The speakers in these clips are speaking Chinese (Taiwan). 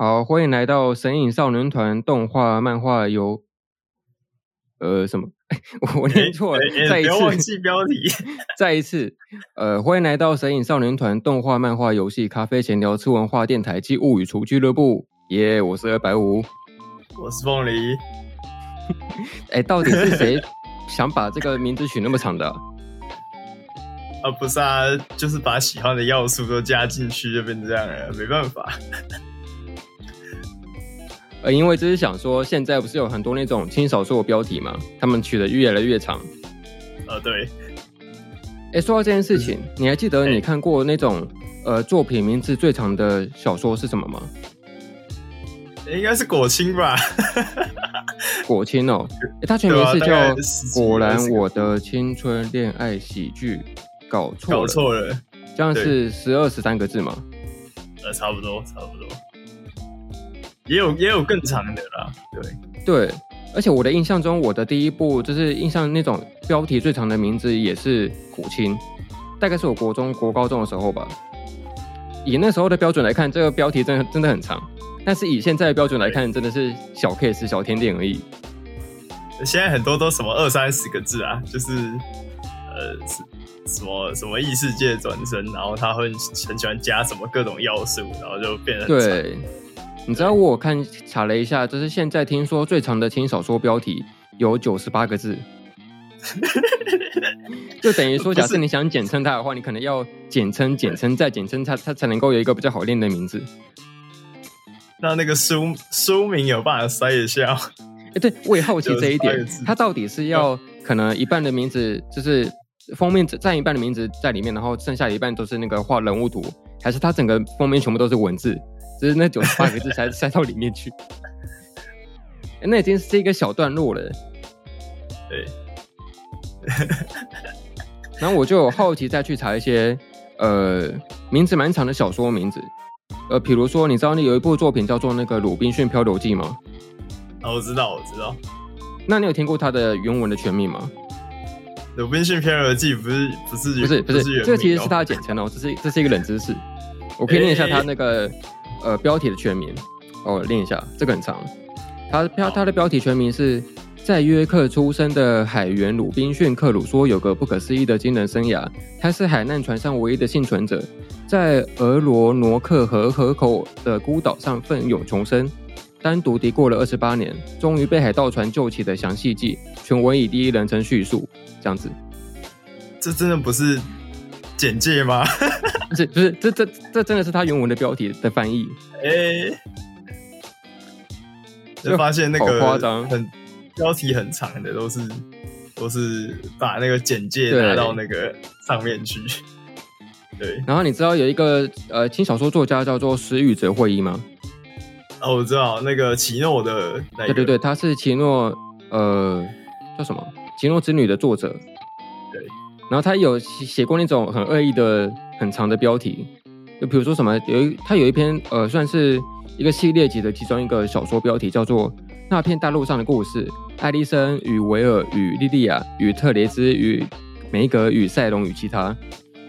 好，歡迎來到《神隱少年團》動畫、漫畫、遊，呃，什麼？哎，我念錯了。欸欸，再一次，不、欸欸、忘記標題。 再一次，呃，歡迎來到《神隱少年團》動畫、漫畫、遊戲、咖啡、閒聊、吃文化電台暨物語廚俱樂部。耶、yeah，我是二百五，我是鳳梨。哎，到底是誰想把這個名字取那麼長的啊？ 啊，不是啊，就是把喜歡的要素都加進去，就變成這樣了。沒辦法。 因為這是想說，現在不是有很多那種輕小說的標題嗎？他們取的越來越長。呃，對。哎、欸，說到這件事情，嗯、你還記得你看過那種、欸、呃作品名字最長的小說是什麼嗎？應該是《果青》吧， 《果青》哦，欸、他它全名是叫《啊、是 17, 果然我的青春戀愛喜劇》，搞錯了，搞錯了，這樣是十二、十三個字嗎？呃，差不多，差不多。也有也有更長的啦，對對，而且我的印象中，我的第一部就是印象那種標題最長的名字也是《古琴》，大概是我國中國高中的時候吧。以那時候的標準來看，這個標題真的真的很長，但是以現在的標準來看，真的是小 case< 對>小甜點而已。現在很多都什麼二三十個字啊，就是呃什麼什麼異世界轉生，然後他會很喜歡加什麼各種要素，然後就變得很長。對你知道我看查了一下，就是現在聽說最長的輕小說標題有九十八個字， 就等於說，假設你想簡稱它的話，是你可能要簡稱、簡稱再簡稱它，它才能夠有一個比較好念的名字。那那個書書名有辦法塞一下、哦？哎，欸、對，我也好奇這一點，它到底是要可能一半的名字就是封面占 一半的名字在裡面，然後剩下一半都是那個畫人物圖，還是它整個封面全部都是文字？只是那九十八個字才塞到裡面去， 那已經是一個小段落了。對，然後我就有好奇再去查一些呃名字蠻長的小說的名字，呃，比如說你知道那有一部作品叫做那個《魯濱遜漂流記》嗎？啊，我知道，我知道。那你有聽過它的原文的全名嗎？《魯濱遜漂流記》不是不是不是不是，不是不是哦、這個其實是它的簡稱哦，這是這是一個冷知識，我可以念一下它那個。呃，標題的全名，哦，練一下，這個很長。它標它的標題全名是《在約克出生的海員魯濱遜克魯索有個不可思議的驚人生涯》，他是海難船上唯一的幸存者，在俄羅諾克河河口的孤島上奮勇重生，單獨地過了二十八年，終於被海盜船救起的詳細記，全文以第一人稱敘述，這樣子。這真的不是簡介嗎？這 不是，不是這這這真的是他原文的標題的翻譯？哎、欸，就發現那個誇張很標題很長的，都是都是把那個簡介拿到那個上面去。對，對對然後你知道有一個呃輕小說作家叫做時雨澤惠一嗎？哦，我知道那個奇諾的、那個，對對對，他是奇諾呃叫什麼奇諾之女的作者。對。然後他有寫過那種很惡意的、很長的標題，就比如說什麼，有一他有一篇呃，算是一個系列集的其中一個小說標題，叫做《那片大陸上的故事：愛麗森與維爾與莉莉亞與特雷斯與梅格與賽隆與其他》，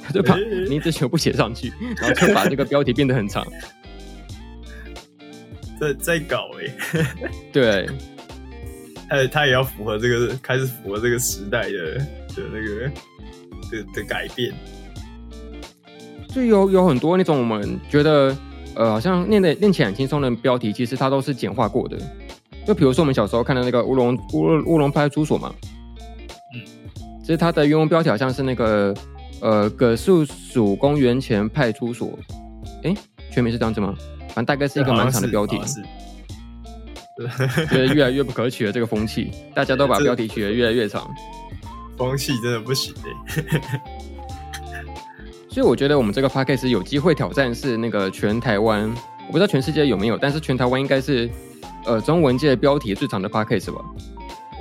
他就把名字、欸欸、全部寫上去， 然後就把這個標題變得很長，在在搞哎、欸， 對，他他也要符合這個開始符合這個時代的的那個。的的改變，就有有很多那種我們覺得呃，好像念的念起來很輕鬆的標題，其實它都是簡化過的。就比如說我們小時候看的那個烏龍《烏龍烏烏龍派出所》嘛，嗯、其實它的原文標題好像是那個呃“葛飾區公園前派出所”，哎、欸，全名是這樣子嗎？反正大概是一個蠻長的標題。對對覺得越來越不可取的這個風氣， 大家都把標題取得越來越長。風氣真的不行哎、欸， 所以我覺得我們這個 podcast 有機會挑戰是那個全台灣，我不知道全世界有沒有，但是全台灣應該是呃中文界的標題最長的 podcast 吧？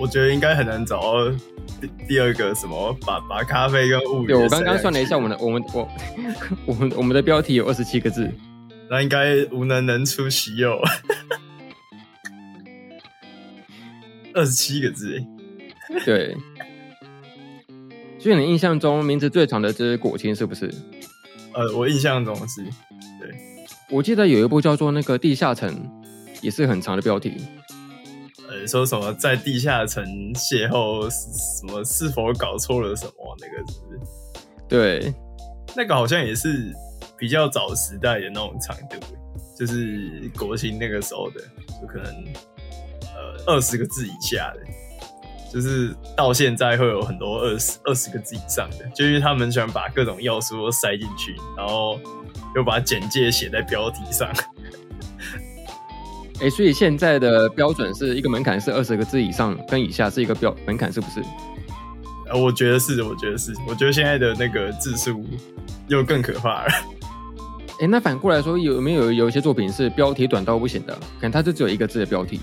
我覺得應該很難找到第，第二個什麼把把咖啡跟物語。對，我剛剛算了一下我我我，我們的我們我我們我們的標題有二十七個字，那應該無能能出其右，二十七個字、欸， 對。所以你印象中，名字最長的就是果青是不是？呃，我印象中是。對，我記得有一部叫做那個《地下城》，也是很長的標題。呃，說什麼在地下城邂逅，什麼是否搞錯了什麼那個是？對，那個好像也是比較早時代的那種長度，就是果青那個時候的，就可能呃二十個字以下的。就是到現在會有很多二十二十個字以上的，就是因為他們喜歡把各種要素都塞進去，然後又把簡介寫在標題上。哎 欸，所以現在的標準是一個門檻是二十個字以上，跟以下是一個標門檻，是不是、啊？我覺得是，我覺得是，我覺得現在的那個字數又更可怕了。哎、欸，那反過來說，有沒有有一些作品是標題短到不行的？可能它就只有一個字的標題。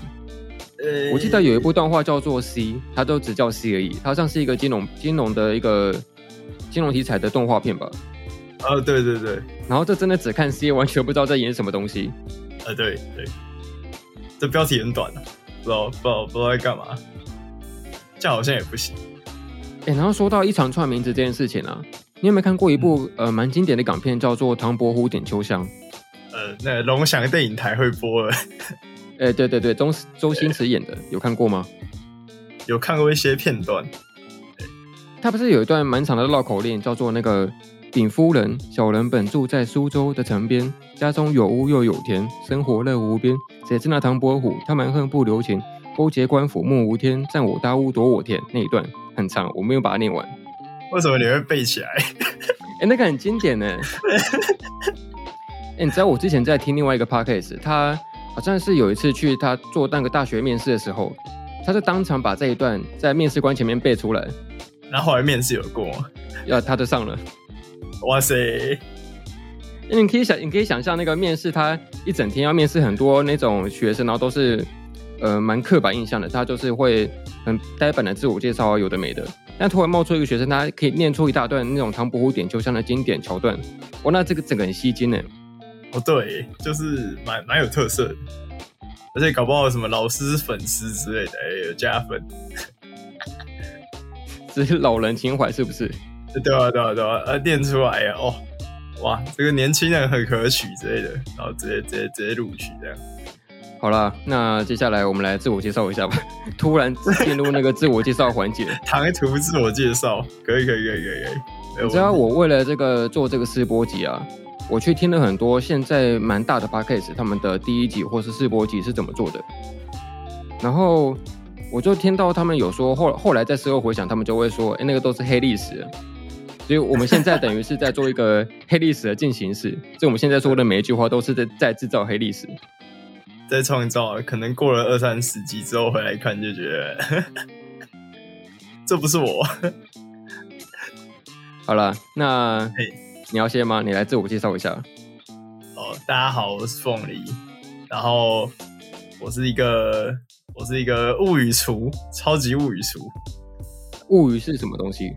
我記得有一部動畫叫做《C》，它都只叫《C》而已，它好像是一個金融金融的一個金融題材的動畫片吧。啊，對對對，然後這真的只看《C》，完全不知道在演什麼東西。啊、呃，對對，這標題很短，不知道不知道不知道，不知道在幹嘛，這好像也不行。哎、欸，然後說到一長串名字這件事情啊，你有沒有看過一部、嗯、呃蠻經典的港片叫做《唐伯虎點秋香》？呃，那個、龍祥電影台會播了。 哎，欸，對對對，周周星馳演的對有看過嗎？有看過一些片段。他不是有一段蠻長的繞口令，叫做那個“稟夫人，小人本住在蘇州的城邊，家中有屋又有田，生活樂無邊。誰知那唐伯虎他蠻橫不留情，勾結官府目無天，占我大屋奪我田”。那一段很長，我沒有把它念完。為什麼你會背起來？哎 、欸，那個很經典呢、欸。哎、 欸，你知道我之前在聽另外一個 podcast，他。好像是有一次去他做那個大學面試的時候，他就當場把這一段在面試官前面背出來，然後，後來面試有過，要、啊、他都上了。哇塞！那你可以想，你可以想象那個面試，他一整天要面試很多那種學生，然後都是呃蠻刻板印象的，他就是會很呆板的自我介紹啊，有的沒的。但突然冒出一個學生，他可以念出一大段那種唐伯虎點秋香的經典橋段，哇，那這個整個很吸睛呢。哦，oh, 對，就是蠻蠻有特色，而且搞不好什麼老師粉絲之類的，有加分，這 是老人情懷是不是對、啊？對啊，對啊，對啊，念、呃、出來呀、啊，哦，哇，這個年輕人很可取之類的，然後直接直接直接錄取這樣。好了，那接下來我們來自我介紹一下吧。 突然進入那個自我介紹環節，唐突 自我介紹，可以可以可以可以。可以可以可以，你知道我為了這個 做這個試播集啊。我去聽了很多現在蠻大的 podcast 他們的第一集或是試播集是怎麼做的，然後我就聽到他們有說後後來在事後回想，他們就會說，誒那個都是黑歷史，所以我們現在等於是在做一個黑歷史的進行式，所以 我們現在說的每一句話都是在在製造黑歷史，在創造。可能過了二三十集之後回來看，就覺得 這不是我 。好了，那。Hey. 你要先嗎？你來自我介紹一下。哦，大家好，我是鳳梨，然後我是一個我是一個物語廚，超級物語廚。物語是什麼東西？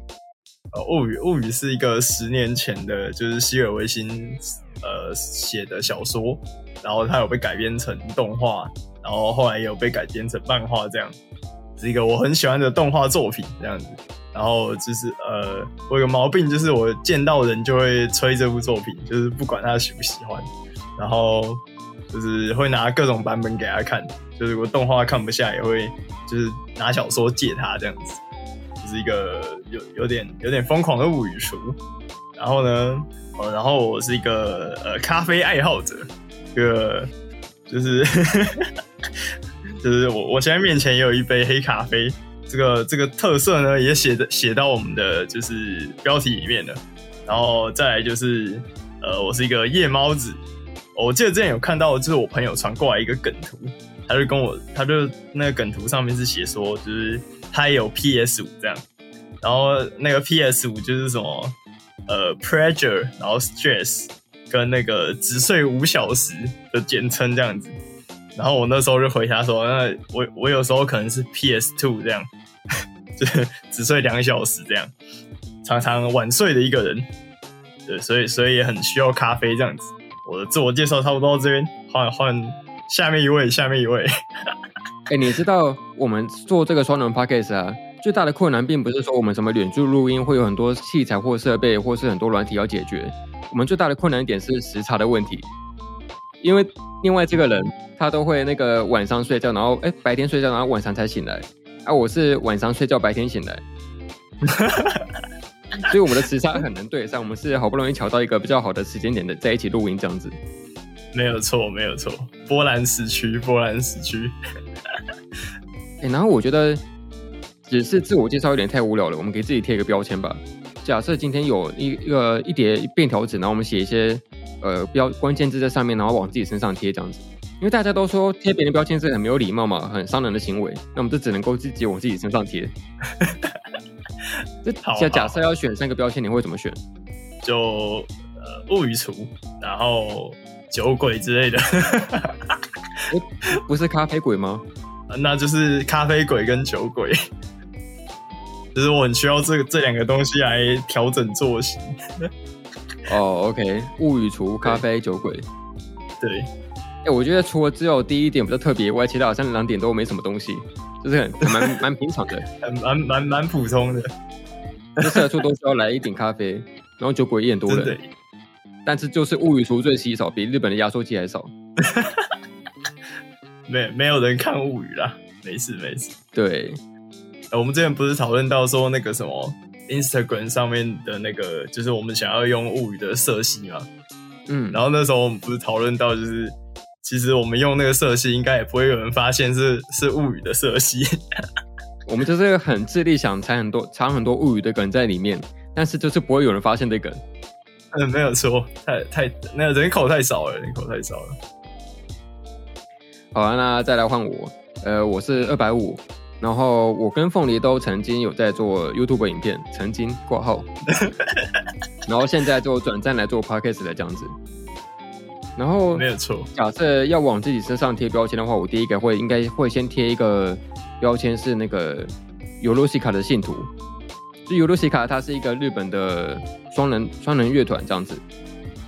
呃，物語物語是一個十年前的，就是西尾維新呃寫的小說，然後它有被改編成動畫，然後後來也有被改編成漫畫，這樣是一個我很喜歡的動畫作品，這樣子。然後就是呃，我有個毛病，就是我見到人就會吹這部作品，就是不管他喜不喜歡，然後就是會拿各種版本給他看，就是我動畫看不下也會就是拿小說借他這樣子，就是一個有有點有點瘋狂的物語廚。然後呢，呃、哦，然後我是一個呃咖啡愛好者，一，這個就是 就是我我現在面前也有一杯黑咖啡。這個這個特色呢，也寫的寫到我們的就是標題裡面了。然後再來就是，呃，我是一個夜貓子。哦，我記得之前有看到，就是我朋友傳過來一個梗圖，他就跟我，他就那個梗圖上面是寫說，就是他有 PS 五這樣，然後那個 PS 五就是什麼呃 pressure，然後 stress 跟那個只睡五小時的簡稱這樣子。然後我那時候就回他說，那我我有時候可能是 PS two 這樣。 只睡兩小時這樣，常常晚睡的一個人，對，所以所以也很需要咖啡這樣子。我的自我介紹差不多這邊，換換下面一位，下面一位。 欸、你知道我們做這個雙人 podcast 啊，最大的困難並不是說我們什麼遠距錄音會有很多器材或設備，或是很多軟體要解決。我們最大的困難點是時差的問題，因為另外這個人他都會那個晚上睡覺，然後哎、欸、白天睡覺，然後晚上才醒來。啊，我是晚上睡覺，白天醒來， 所以我們的時差很難對上。 我們是好不容易巧到一個比較好的時間點的，在一起錄音這樣子。沒有錯，沒有錯，波蘭時區，波蘭時區。哎、 欸，然後我覺得，只是自我介紹有點太無聊了。我們給自己貼一個標籤吧。假設今天有一個一個一疊便條紙，然後我們寫一些呃標關鍵字在上面，然後往自己身上貼這樣子。因為大家都說貼別人標籤是很沒有禮貌嘛，很傷人的行為。那我們就只能夠自，自己往自己身上貼。現在假設要選三個標籤，你會怎麼選？就、呃、物語廚，然後酒鬼之類的。 欸、不是咖啡鬼嗎、 呃？那就是咖啡鬼跟酒鬼。 就是我很需要這這兩個東西來調整作息。哦、 oh，OK，物語廚、咖啡、對酒鬼，對。欸、我覺得除了只有第一點比較特別，以外其他好像兩點都沒什麼東西，就是很蠻蠻平常的，蠻蠻蠻普通的。社畜都需要來一點咖啡，然後酒鬼也很多人，但是就是物語廚最稀少，比日本的壓縮機還少。 沒有沒有人看物語啦，沒事沒事。對、呃，我們之前不是討論到說那個什麼 Instagram 上面的那個，就是我們想要用物語的色系嘛。嗯，然後那時候我們不是討論到就是。其實我們用那個色系，應該也不會有人發現是是物語的色系。 我們就是很智力想藏很多藏很多物語的梗在裡面，但是就是不會有人發現的梗。嗯，沒有說太太那個人口太少了，人口太少了。好了，啊，那再來換我。呃，我是二百五，然後我跟鳳梨都曾經有在做 YouTube 影片，曾經過後， 然後現在就轉戰來做 Podcast 的這樣子。然後沒有錯，假設要往自己身上貼標籤的話，我第一個會應該會先貼一個標籤，是那個尤露西卡的信徒。就尤露西卡，他是一個日本的雙人雙人樂團這樣子，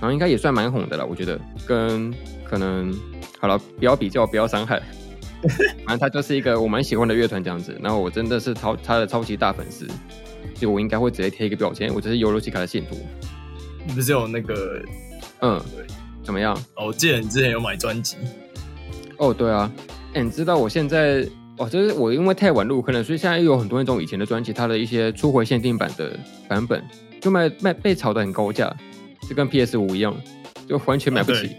然後應該也算蠻紅的了，我覺得。跟可能好了，不要比較，不要傷害。 反正他就是一個我蠻喜歡的樂團這樣子，然後我真的是超他的超級大粉絲，所以我應該會直接貼一個標籤，我就是尤露西卡的信徒。不是有那個嗯。怎麼樣？哦，記得你之前有買專輯。哦，對啊，哎、欸，你知道我現在哦，就是我因為太晚入坑了，所以現在又有很多那種以前的專輯，它的一些初回限定版的版本，就賣賣被炒得很高價，就跟 PS5 一樣，就完全買不起。啊、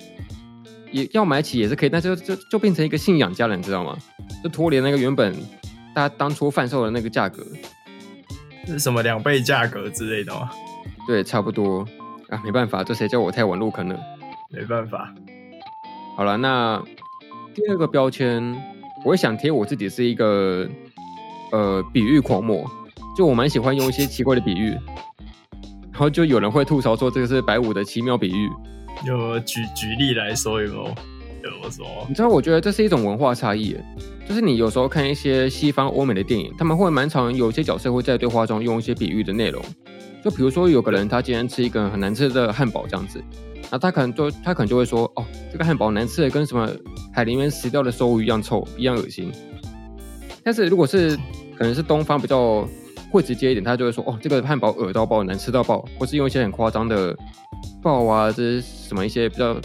也要買起也是可以，但是就就，就變成一個信仰價了，你知道嗎？就脫離那個原本大家當初販售的那個價格，是什麼兩倍價格之類的嗎？對，差不多啊，沒辦法，這誰叫我太晚入坑了。沒辦法。好了，那第二個標籤，我也想貼我自己是一個呃比喻狂魔，就我蠻喜歡用一些奇怪的比喻， 然後就有人會吐槽說這個是百五的奇妙比喻。就舉舉例來說一說。怎麼說？你知道，我覺得這是一種文化差異，就是你有時候看一些西方歐美的電影，他們會蠻常有些角色會在對話中用一些比喻的內容。就比如說有個人，他今天吃一個很難吃的漢堡，這樣子，那他可能就他可能就會說，哦，這個漢堡難吃的跟什麼海裡面死掉的生物一樣臭，一樣噁心。但是如果是可能是東方比較會直接一點，他就會說，哦，這個漢堡噁到爆，難吃到爆，或是用一些很誇張的爆啊，這是什麼一些比較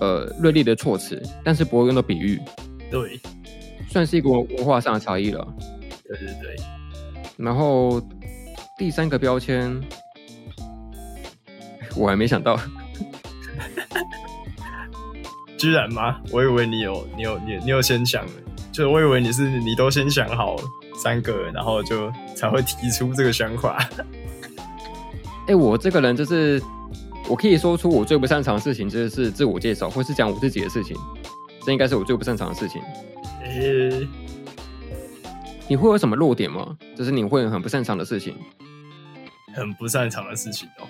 呃銳利的措辭，但是不會用到比喻。對，算是一個文化上的差異了。對對對。然後。第三個標籤，我還沒想到， 居然嗎？我以為你有你有你有先想，就我以為你是你都先想好三個，然後就才會提出這個想法。 哎、欸，我這個人就是，我可以說出我最不擅長的事情，就是自我介紹或是講我自己的事情，這應該是我最不擅長的事情。欸你會有什麼弱點嗎？就是你會很不擅長的事情，很不擅長的事情哦。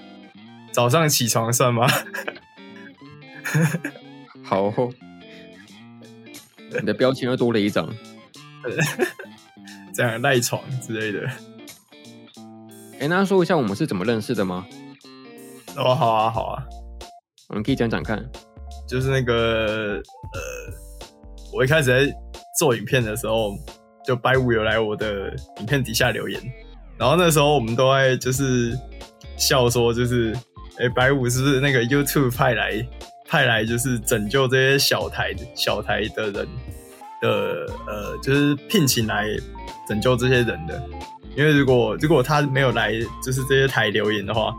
早上起床算嗎？ 好、哦， 你的標籤又多了一張， 這樣賴床之類的。哎、欸，那說一下我們是怎麼認識的嗎？哦，好啊，好啊，我們可以講講看。就是那個呃，我一開始在做影片的時候。就百五有來我的影片底下留言，然後那時候我們都會就是笑說，就是哎，百五是不是那個 YouTube 派來派來就是拯救這些小台小台的人的呃，就是聘請來拯救這些人的，因為如果如果他沒有來就是這些台留言的話，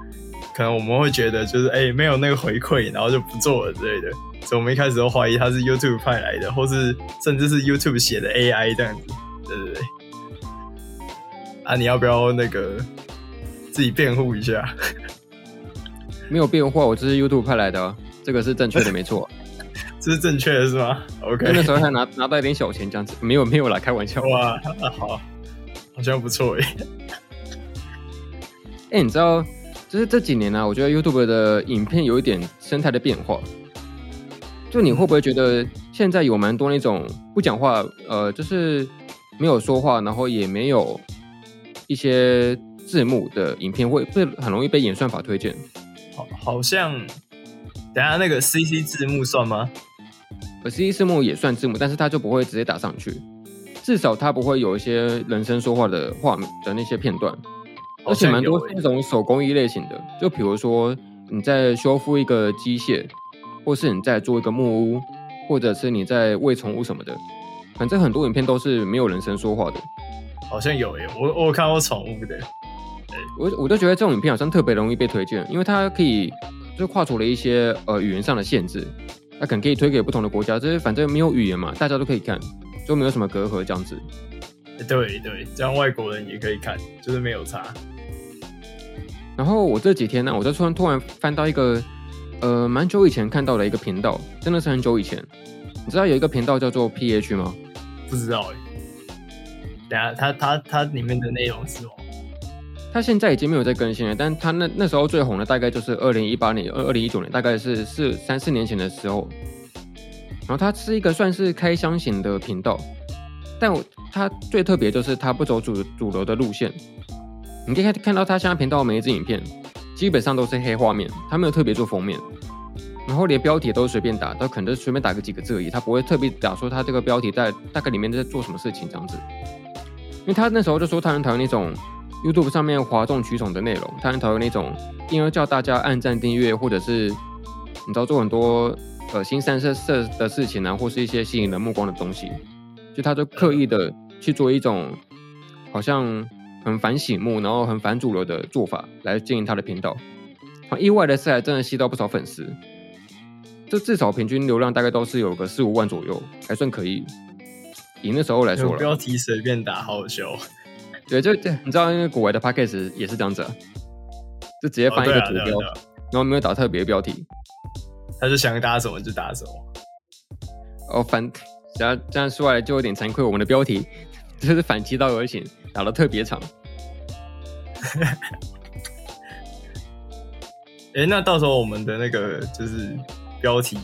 可能我們會覺得就是哎、欸、沒有那個回饋，然後就不做了之類的，所以我們一開始都懷疑他是 YouTube 派來的，或是甚至是 YouTube 寫的 AI 這樣子。對對對，啊，你要不要那個自己辯護一下？沒有辯護，我這是 YouTube 派來的，這個是正確的，沒錯，這是正確的，是嗎？OK，那時候還拿拿到一點小錢，這樣子沒有沒有啦，開玩笑。哇，啊，好，好像不錯哎，哎，欸，你知道，就是這幾年呢，啊，我覺得 YouTube 的影片有一點生態的變化，就你會不會覺得現在有蠻多那種不講話，呃，就是。沒有說話，然後也沒有一些字幕的影片，會會很容易被演算法推薦。好，好像等下那個 CC 字幕算嗎？可 CC 字幕也算字幕，但是它就不會直接打上去，至少它不會有一些人聲說話的畫面的那些片段。而且蠻多是那種手工藝類型的，就比如說你在修復一個機械，或是你在做一個木屋，或者是你在餵寵物什麼的。反正很多影片都是沒有人聲說話的，好像有誒、欸，我我看過寵物的，誒、欸，我我都覺得這種影片好像特別容易被推薦，因為它可以就跨出了一些呃語言上的限制，它可能可以推給不同的國家，就是反正沒有語言嘛，大家都可以看，就沒有什麼隔閡這樣子。欸、對對，這樣外國人也可以看，就是沒有差。然後我這幾天呢、啊，我就突然突然翻到一個呃蠻久以前看到的一個頻道，真的是很久以前，你知道有一個頻道叫做 PH 嗎？不知道哎，等下，他他他裡面的內容是我，他現在已經沒有在更新了，但他那那時候最紅的大概就是二零一八年、二二零一九年，大概是是三四年前的時候。然後它是一個算是開箱型的頻道，但我它最特別就是它不走主主流的路線。你可以看看到它現在頻道每一支影片，基本上都是黑畫面，它沒有特別做封面。然後連標題都隨便打，他可能就隨便打個幾個字而已，他不會特別打說他這個標題在大概裡面在做什麼事情這樣子。因為他那時候就說他很討厭那種 YouTube 上面嘩眾取寵的內容，他很討厭那種因為叫大家按讚訂閱或者是你知道做很多噁心、呃、三色色的事情啊，或是一些吸引人目光的東西，就他都刻意的去做一種好像很反醒目，然後很反主流的做法來經營他的頻道。很意外的是，還真的吸到不少粉絲。至少平均流量大概都是有個四五萬左右，還算可以。贏的時候來說標題隨便打好笑。對，這這你知道，因為國外的 podcast 也是這樣子，就直接發一個圖標，哦啊啊啊啊、然後沒有打特別標題，他是想打什麼就打什麼。哦，反只要這，這樣說來就有點慚愧，我們的標題就是反其道而行，打的特別長。哎、， 欸，那到時候我們的那個就是。標題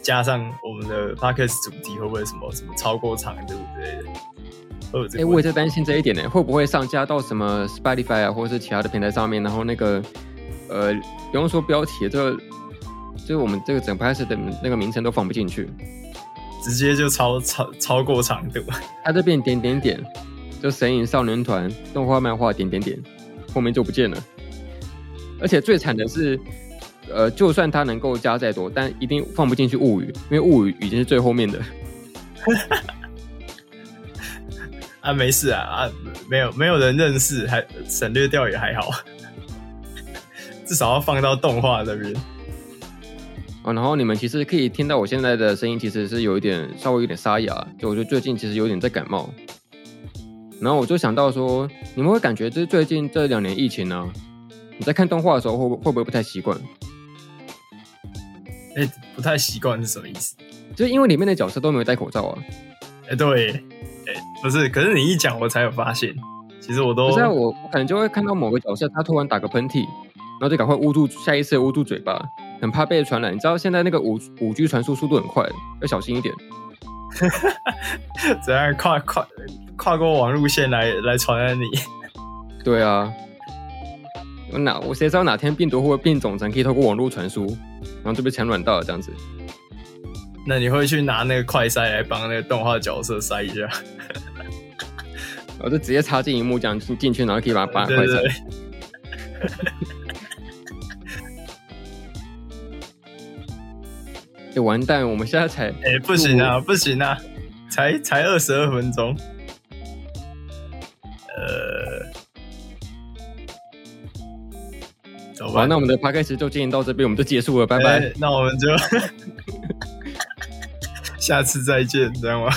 加上我們的 Podcast 主題會不會什麼什麼超過長度之類的？哎、欸，我也在擔心這一點呢，會不會上架到什麼 Spotify 啊，或者是其他的平台上面？然後那個呃，不用說標題，這個就是我們這個整拍攝的那個名稱都放不進去，直接就超超超過長度，它這邊點點點，就神隱少年團動畫漫畫點點點，後面就不見了。而且最慘的是。呃，就算他能夠加再多，但一定放不進去物語，因為物語已經是最後面的。 啊，沒事啊，啊，沒有沒有人認識，還省略掉也還好， 至少要放到動畫那邊。啊，然後你們其實可以聽到我現在的聲音，其實是有一點稍微有點沙啞，就我覺得最近其實有點在感冒。然後我就想到說，你們會感覺就是最近這兩年疫情呢，啊，你在看動畫的時候會會不會不太習慣？哎、欸，不太習慣是什麼意思？就因為裡面的角色都沒有戴口罩啊。哎、欸，對，哎、欸，不是，可是你一講我才有發現，其實我都不是我，我可能就會看到某個角色他突然打個噴嚏，然後就趕快捂住下一次捂住嘴巴，很怕被傳染。你知道現在那個五五 G 傳輸速度很快，要小心一點， 怎樣跨跨跨過網路線來來傳染你？對啊。我哪我誰知道哪天病毒或者病種能可以透過網絡傳輸，然後就被潛卵到了這樣子。那你會去拿那個快篩來幫那個動畫角色篩一下？我、 哦、就直接插進熒幕這樣進去，然後可以把它拔出來。對對對、 欸。完蛋！我們現在才……哎、欸，不行啊，不行啊！才才二十二分鐘。好、啊，那我們的 Podcast 就進行到這邊，我們就結束了，拜拜。欸、那我們就 下次再見，知道嗎？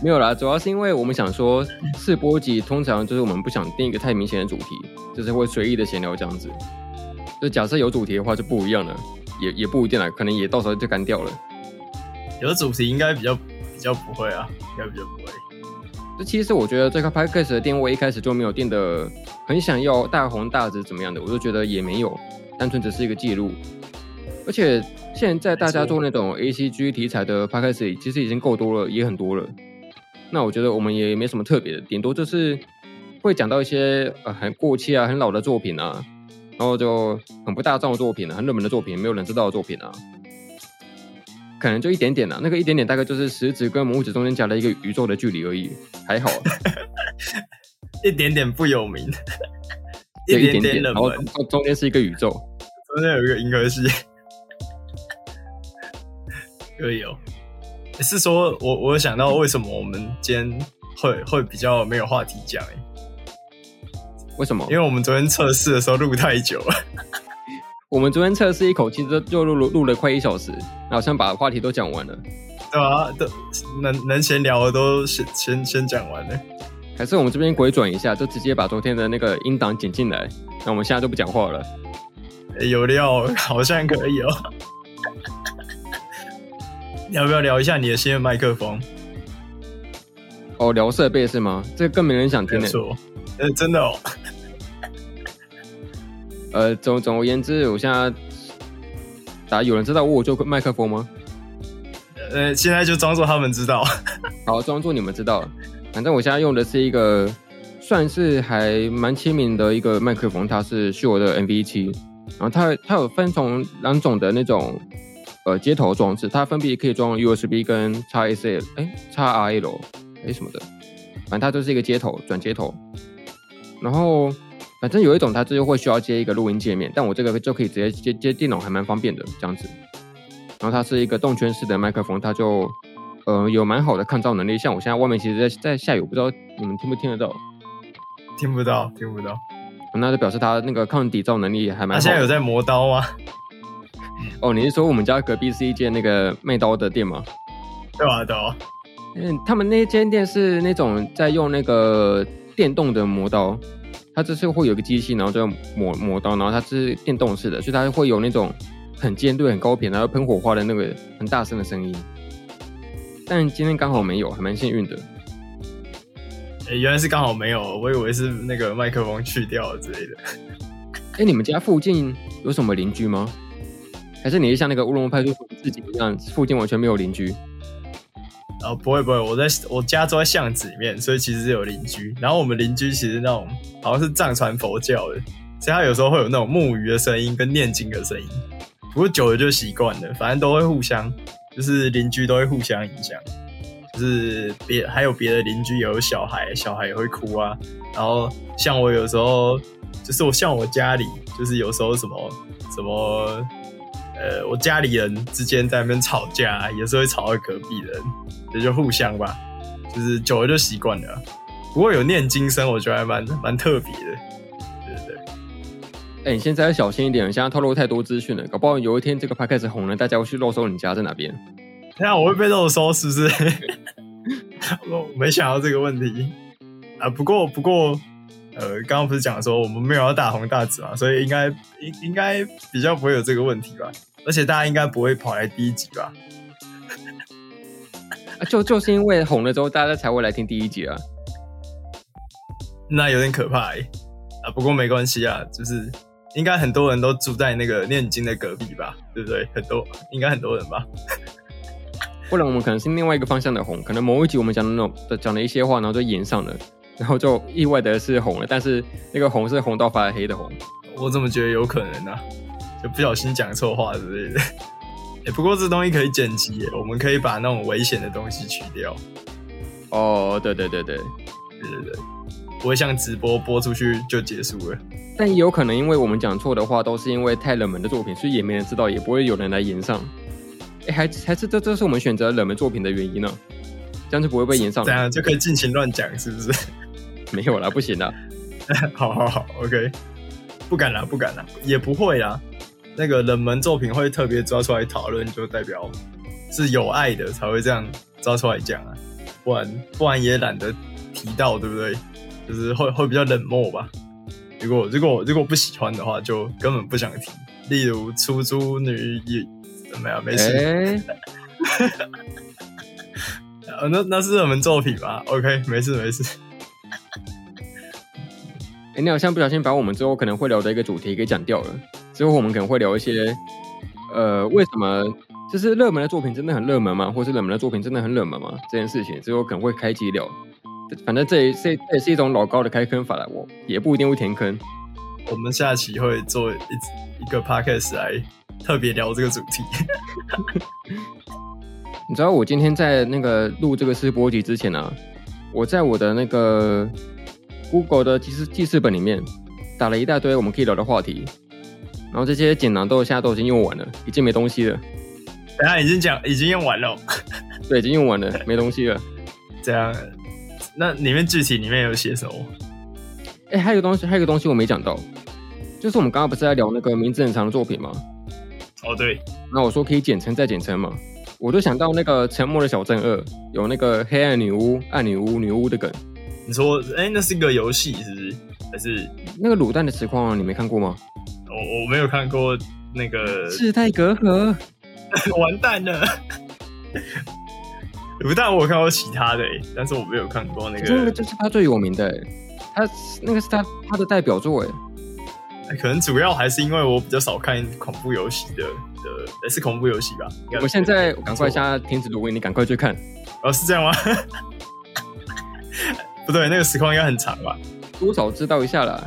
沒有啦，主要是因為我們想說，試播集通常就是我們不想定一個太明顯的主題，就是會隨意的閒聊這樣子。就假設有主題的話，就不一樣了，也也不一定了，可能也到時候就乾掉了。有主題應該比較比較不會啊，應該比較不會。這其實我覺得這個 Podcast 的定位一開始就沒有定的。很想要大紅大紫怎麼樣的，我就覺得也沒有，單純只是一個記錄。而且現在大家做那種 A C G 題材的 Podcast 其實已經夠多了，也很多了。那我覺得我們也沒什麼特別的，頂多就是會講到一些呃很過氣啊、很老的作品啊，然後就很不大眾的作品啊、很熱門的作品、沒有人知道的作品啊，可能就一點點啊。那個一點點大概就是食指跟拇指中間夾了一個宇宙的距離而已，還好啊。 一點點不有名，有一點點 一點點冷門。然後中間是一個宇宙，中間有一個銀河系， 可以哦。是說，我我想到為什麼我們今天會會比較沒有話題講？為什麼？因為我們昨天測試的時候錄太久了。 我們昨天測試一口氣就就錄錄錄了快一小時，好像把話題都講完了。對啊，都能能閒聊的都先先先講完了。還是我們這邊鬼轉一下，就直接把昨天的那個音檔剪進來。那我們現在就不講話了、欸。有料，好像可以、喔、哦。 你要不要聊一下你的新的麥克風？哦，聊設備是嗎？這個、更沒人想聽的、欸。呃、欸，真的哦。 呃，總總而言之，我現在打有人知道我有麥克風嗎？呃，現在就裝作他們知道。 好，裝作你們知道了。反正我現在用的是一個，算是還蠻親民的一個麥克風，它是 Shure 的 MV7，然後它它有分從兩種的那種，呃，接頭裝置，它分別可以裝 USB 跟 XSL，哎、欸、XLR 哎、欸、什麼的，反正它就是一個接頭轉接頭，然後反正有一種它就會需要接一個錄音界面，但我這個就可以直接接接電腦，還蠻方便的這樣子，然後它是一個動圈式的麥克風，它就。嗯、呃，有蠻好的抗噪能力。像我現在外面，其實在，在在下雨，不知道你們聽不聽得到？聽不到，聽不到、嗯。那就表示它那個抗底噪能力還蠻好。他、啊、現在有在磨刀嗎？哦，你是說我們家隔壁是一間那個賣刀的店嗎？對啊，刀、哦。嗯，他們那間店是那種在用那個電動的磨刀，它就是會有一個機器，然後就磨磨刀，然後它是電動式的，所以它會有那種很尖銳、很高頻，然後噴火花的那個很大聲的聲音。但今天剛好沒有，還蠻幸運的。欸、原來是剛好沒有，我以為是那個麥克風去掉之類的。哎、欸，你們家附近有什麼鄰居嗎？還是你是像那個烏龍派出所自己一樣，附近完全沒有鄰居？啊、哦，不會不會，我在我家住在巷子裡面，所以其實是有鄰居。然後我們鄰居其實那種好像是藏傳佛教的，所以他有時候會有那種木魚的聲音跟念經的聲音。不過久了就習慣了，反正都會互相。就是鄰居都會互相影響，就是別還有別的鄰居也有小孩，小孩也會哭啊。然後像我有時候，就是我像我家裡，就是有時候什麼什麼，呃，我家裡人之間在那邊吵架，有時候會吵到隔壁人，也就，就互相吧。就是久了就習慣了啊。不過有念經聲，我覺得還蠻蠻特別的。哎，你、欸、現在要小心一點，你現在透露太多資訊了，搞不好有一天這個 podcast 紅了，大家會去露收你家在哪邊？那我會被露收是不是？ 我沒想到這個問題啊。不過不過，呃，剛剛不是講說我們沒有要大紅大紫嘛，所以應該應應該比較不會有這個問題吧。而且大家應該不會跑來第一集吧？ 啊，就就是因為紅了之後，大家才會來聽第一集啊。那有點可怕哎、欸。啊，不過沒關係啊，就是。應該很多人都住在那個念經的隔壁吧，對不對？很多，應該很多人吧。 不然我們可能是另外一個方向的紅，可能某一集我們講的那種講了一些話，然後就炎上了，然後就意外的是紅了，但是那個紅是紅到發黑的紅。我怎麼覺得有可能呢、啊？就不小心講錯話之類的。哎， 不過這東西可以剪輯，我們可以把那種危險的東西取掉。哦，對對對對對對。對對對不會像直播播出去就結束了，但也有可能因為我們講錯的話，都是因為太冷門的作品，所以也沒人知道，也不會有人來炎上。哎，還是還是這，這是我們選擇冷門作品的原因呢，這樣就不會被炎上。這樣就可以盡情亂講，是不是？沒有啦，不行啦。 好好好，OK，不敢了，不敢了，也不會啊。那個冷門作品會特別抓出來討論，就代表是有愛的才會這樣抓出來講啊，不然不然也懶得提到，對不對？就是會會比較冷漠吧。如果如果如果不喜歡的話，就根本不想聽。例如《出租女友》怎麼樣？沒事。欸、 那那是熱門作品吧？OK，沒事沒事。哎、欸，你好像不小心把我們之後可能會聊的一個主題給講掉了。之後我們可能會聊一些，呃，為什麼就是熱門的作品真的很熱門嗎？或是冷門的作品真的很冷門嗎？這件事情之後可能會開節聊。反正這也是這也是一種老高的開坑法了，我也不一定會填坑。我們下期會做一一個 Podcast 來特別聊這個主題。 你知道我今天在那個錄這個試播集之前呢、啊，我在我的那個 Google 的記事記事本裡面打了一大堆我們可以聊的話題，然後這些錦囊都現在都已經用完了，已經沒東西了。等下已經講已經用完了， 對，已經用完了，沒東西了。這樣。那裡面具體裡面有寫什麼？哎、欸，還有個東西，還有個東西我沒講到，就是我們剛剛不是在聊那個名字很長的作品嗎？哦，對，那我說可以簡稱再簡稱嗎？我就想到那個《沉默的小鎮二》，有那個黑暗女巫、暗女巫、女巫的梗。你說，哎、欸，那是一個遊戲，是不是還是那個魯蛋的實況、啊？你沒看過嗎？我、哦、我沒有看過那個，世代隔閡， 完蛋了。 不但，我有看過其他的、欸，但是我沒有看過那個。這個就是他最有名的、欸，他那個是他他的代表作誒、欸欸。可能主要還是因為我比較少看恐怖遊戲的的、欸，是恐怖遊戲吧。我現在趕對快下停止錄音，你趕快去看。哦，是這樣嗎？ 不對，那個時長應該很長吧？多少知道一下啦。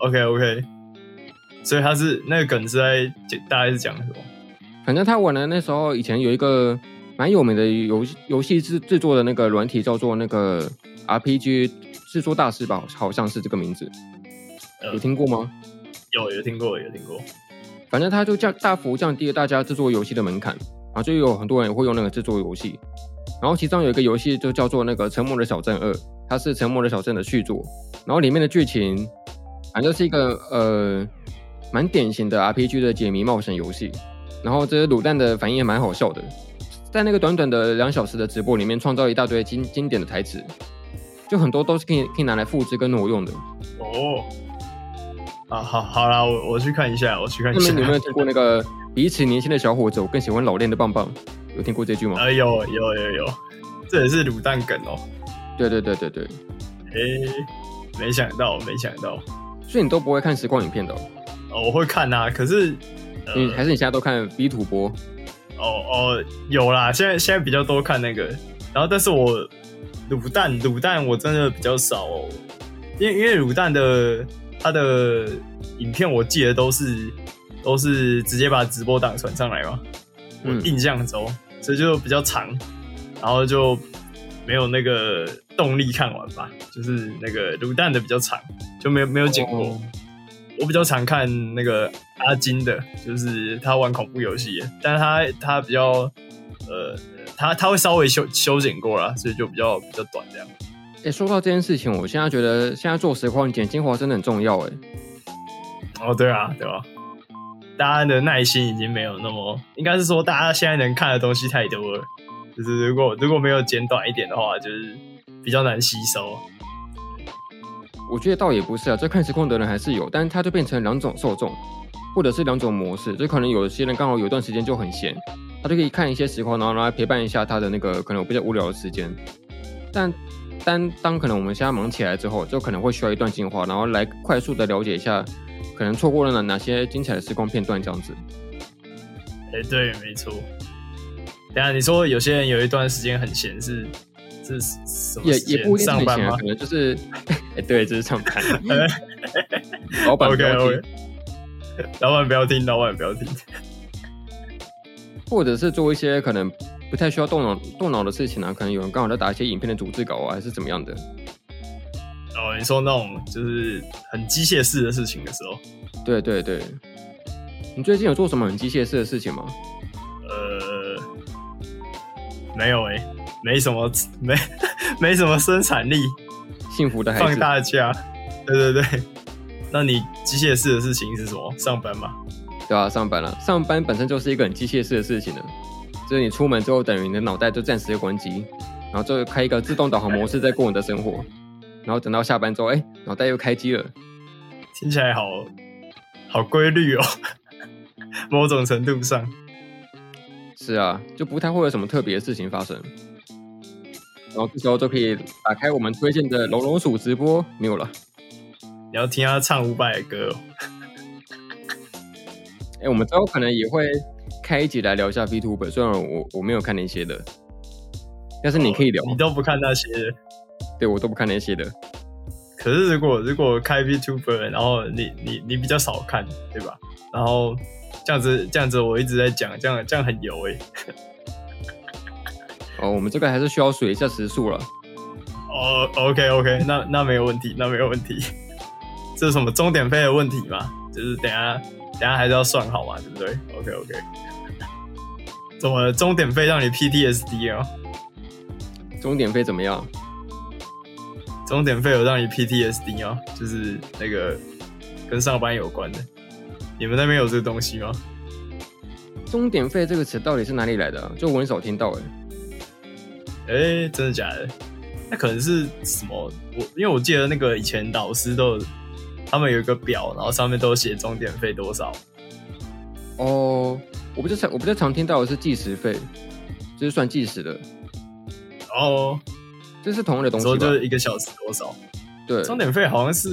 OK OK，所以他是那個梗是在大概是講什麼？反正他玩的那時候，以前有一個。蠻有名的遊遊戲制制作的那個軟體叫做那個 RPG 制作大師吧，好像是這個名字，有、呃、聽過嗎？有有聽過有聽過，有聽過反正它就降大幅降低了大家制作遊戲的門檻啊，就有很多人會用那個制作遊戲。然後其中有一個遊戲就叫做那個《沉默的小鎮二》，它是《沉默的小鎮》的續作，然後裡面的劇情反正、啊就是一個呃蠻典型的 RPG 的解謎冒險遊戲。然後這些滷蛋的反應也蠻好笑的。在那個短短的兩小時的直播裡面，創造一大堆經經典的台詞，就很多都是可以可以拿來複製跟挪用的。哦，啊，好，好啦，我我去看一下，我去看一下。們你們有沒有聽過那個彼此年輕的小夥子我更喜歡老練的棒棒？有聽過這句嗎？啊、呃，有有有有，這也是魯蛋梗哦。對對對對對。誒，沒想到，沒想到。所以你都不會看實況影片的哦？哦我會看啊，可是、呃、你還是你現在都看 B 土博？哦哦，有啦，現在現在比較多看那個，然後但是我滷蛋滷蛋我真的比較少，哦，因為因為滷蛋的他的影片我記得都是都是直接把直播檔傳上來嘛，我印象中，嗯，所以就比較長，然後就沒有那個動力看完吧，就是那個滷蛋的比較長，就沒有沒有剪過。哦哦我比較常看那個阿金的，就是他玩恐怖遊戲，但是他他比較呃，他他會稍微修修剪過啦，所以就比較比較短這樣。哎、欸，說到這件事情，我現在覺得現在做實況剪精華真的很重要哎。哦，對啊，對啊，大家的耐心已經沒有那麼，應該是說大家現在能看的東西太多了，就是如果如果沒有剪短一點的話，就是比較難吸收。我覺得倒也不是啊，這看實況的人還是有，但是它就變成兩種受眾，或者是兩種模式。這可能有些人剛好有一段時間就很閒，他就可以看一些實況，然後來陪伴一下他的那個可能比較無聊的時間。但當當可能我們現在忙起來之後，就可能會需要一段精華，然後來快速的了解一下，可能錯過了哪哪些精彩的實況片段這樣子。哎、欸，對，沒錯。等下你說有些人有一段時間很閒，是是，是什也也不一定、啊、上班嗎？可能就是。 哎，欸、對，這是唱盤。 老闆不要聽，okay, okay. 老闆不要聽，老板不要聽，老板不要聽。或者是做一些可能不太需要動腦、動腦的事情啊，可能有人剛好在打一些影片的組織稿啊，還是怎麼樣的。哦，你說那種就是很機械式的事情的時候。對對對，你最近有做什麼很機械式的事情嗎？呃，沒有哎、欸，沒什麼，沒沒什麼生產力。幸福的放大的家，對對對。那你機械式的事情是什麼？上班嘛。對啊，上班了。上班本身就是一個很機械式的事情了，就是你出門之後，等於你的腦袋就暫時又關機，然後就開一個自動導航模式在過你的生活，哎哎哎然後等到下班之後，哎，腦袋又開機了。聽起來好好規律哦，某種程度上是啊，就不太會有什麼特別的事情發生。然後這時候就可以打開我們推薦的龍龍鼠直播，沒有了。你要聽他唱伍佰的歌，哦？哎、 欸，我們都可能也會開一集來聊一下 VTuber，雖然我我沒有看那些的，但是你可以聊。哦、你都不看那些？對，我都不看那些的。可是如果如果開 VTuber，然後你你你比較少看，對吧？然後這樣子這樣子，樣子我一直在講，這樣這樣很油 哦，我們這個還是需要水一下時速了。哦、oh,，OK，OK，okay, okay, 那那沒有問題，那沒有問題。 這是什麼鐘點費的問題嗎？就是等下等下還是要算好嗎？對不對？OK，OK。Okay, okay. 怎麼鐘點費讓你 PTSD 啊、哦？鐘點費怎麼樣？鐘點費有讓你 PTSD 啊、哦？就是那個跟上班有關的。你們那邊有這個東西嗎？鐘點費這個詞到底是哪裡來的、啊？就我很少聽到耶。哎，真的假的？那可能是什麼？我因為我記得那個以前導師都他們有一個表，然後上面都寫鐘點費多少。哦、oh,，我不是常，我不是常聽到的是計時費，就是算計時的。哦，oh, 這是同樣的東西。所以就是一個小時多少？對。鐘點費好像是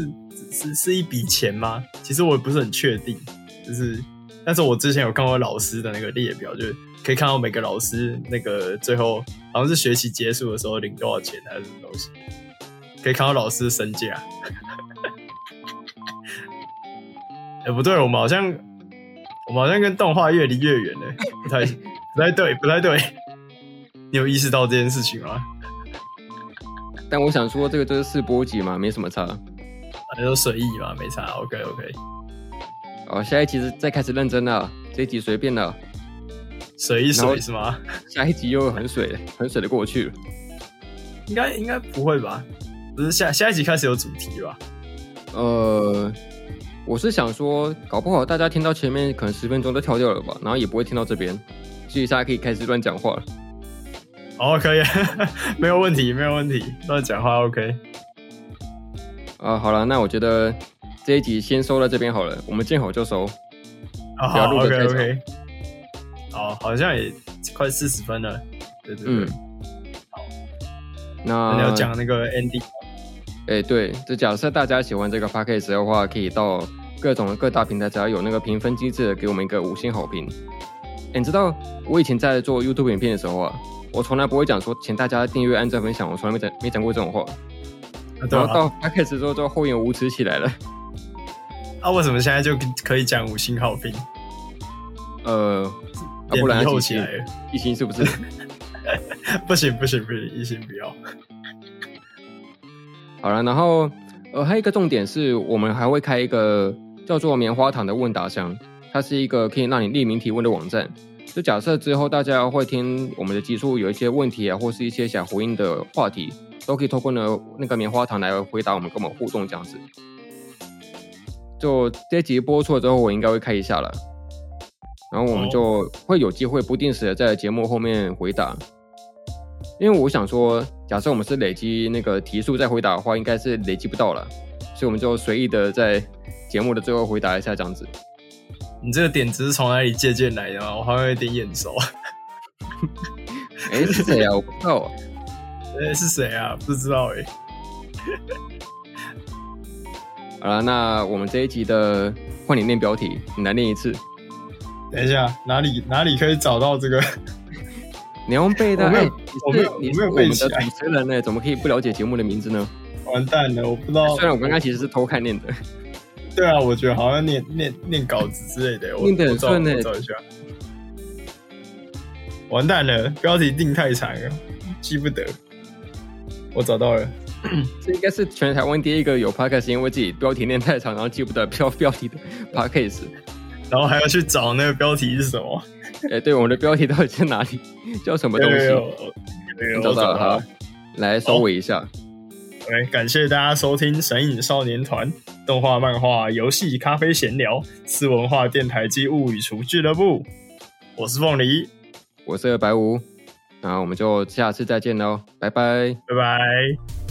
是是一筆錢嗎？其實我也不是很確定，就是但是我之前有看過老師的那個列表，就是可以看到每個老師那個最後。好像是學期結束的時候領多少錢還是什麼東西，可以看到老師的身價。哎、 欸，不對，我們好像我們好像跟動畫越離越遠了，不太不太對，不太對。 你有意識到這件事情嗎？但我想說，這個就是試播集嘛，沒什麼差。反正都隨意嘛，沒差。OK OK。好、哦，下一集再開始認真了，這一集隨便了。水一水是嗎？下一集又很水， 很水的過去了，應該應該不會吧？不是下下一集開始有主題吧？呃，我是想說，搞不好大家聽到前面可能十分鐘都跳掉了吧，然後也不會聽到這邊，所以大家可以開始亂講話了。哦，可以，沒有問題， 沒有問題，亂講話 OK。啊、呃，好了，那我覺得這一集先收到這邊好了，我們見好就收，不要錄 OK，OK。Okay, okay. 好像也快四十分了，對對對。嗯、好，那你要講那個 ending。哎，對，就假設大家喜歡這個 Podcast 的話，可以到各種各大平台，只要有那個評分機制，給我們一個五星好評。誒，你知道我以前在做 YouTube 影片的時候啊，我從來不會講說請大家訂閱、按讚、分享，我從來沒講沒講過這種話。啊啊、然後到 Podcast 之後就厚顏無恥起來了。那、啊、為什麼現在就可以講五星好評？呃。連扣、啊、起來，異性是不是？不行不行不行，異性不，不，不要。好了，然後呃，還有一個重點是，我們還會開一個叫做“棉花糖”的問答箱，它是一個可以讓你匿名提問的網站。就假設之後大家會聽我們的集數，有一些問題啊，或是一些想回應的話題，都可以透過那個那個棉花糖來回答我們，跟我們互動這樣子。就這集播出之後，我應該會開一下了。然後我們就會有機會不定時的在節目後面回答，因為我想說，假設我們是累積那個題數再回答的話，應該是累積不到了，所以我們就隨意的在節目的最後回答一下這樣子。你這個點子是從哪裡借鑑來的嗎？我好像有點眼熟 。哎，是誰啊？我不知道、啊。哎，是誰啊？不知道哎、欸。好了，那我們這一集的換你念標題，你來念一次。等一下，哪裡哪裡可以找到這個？你要用背的？我沒有，我沒有背起來，我們的主持人呢、欸？怎麼可以不了解節目的名字呢？完蛋了，我不知道。雖然我剛剛其實是偷看念的。對啊，我覺得好像念念念稿子之類的。 我我找我找一下。欸、完蛋了，標題定太長了，記不得。我找到了，這 應該是全台灣第一個有 Podcast，因為自己標題念太長，然後記不得標標題的 Podcast。嗯然後還要去找那個標題是什麼？哎、欸，對，我們的標題到底在哪裡？叫什麼東西？對對對對，找找他，來收尾一下。OK，感謝大家收聽《神隱少年團》動畫、漫畫、遊戲、咖啡閒聊、私文化電台及物語廚俱樂部。我是鳳梨，我是二百五。那我們就下次再見嘍，拜拜，拜拜。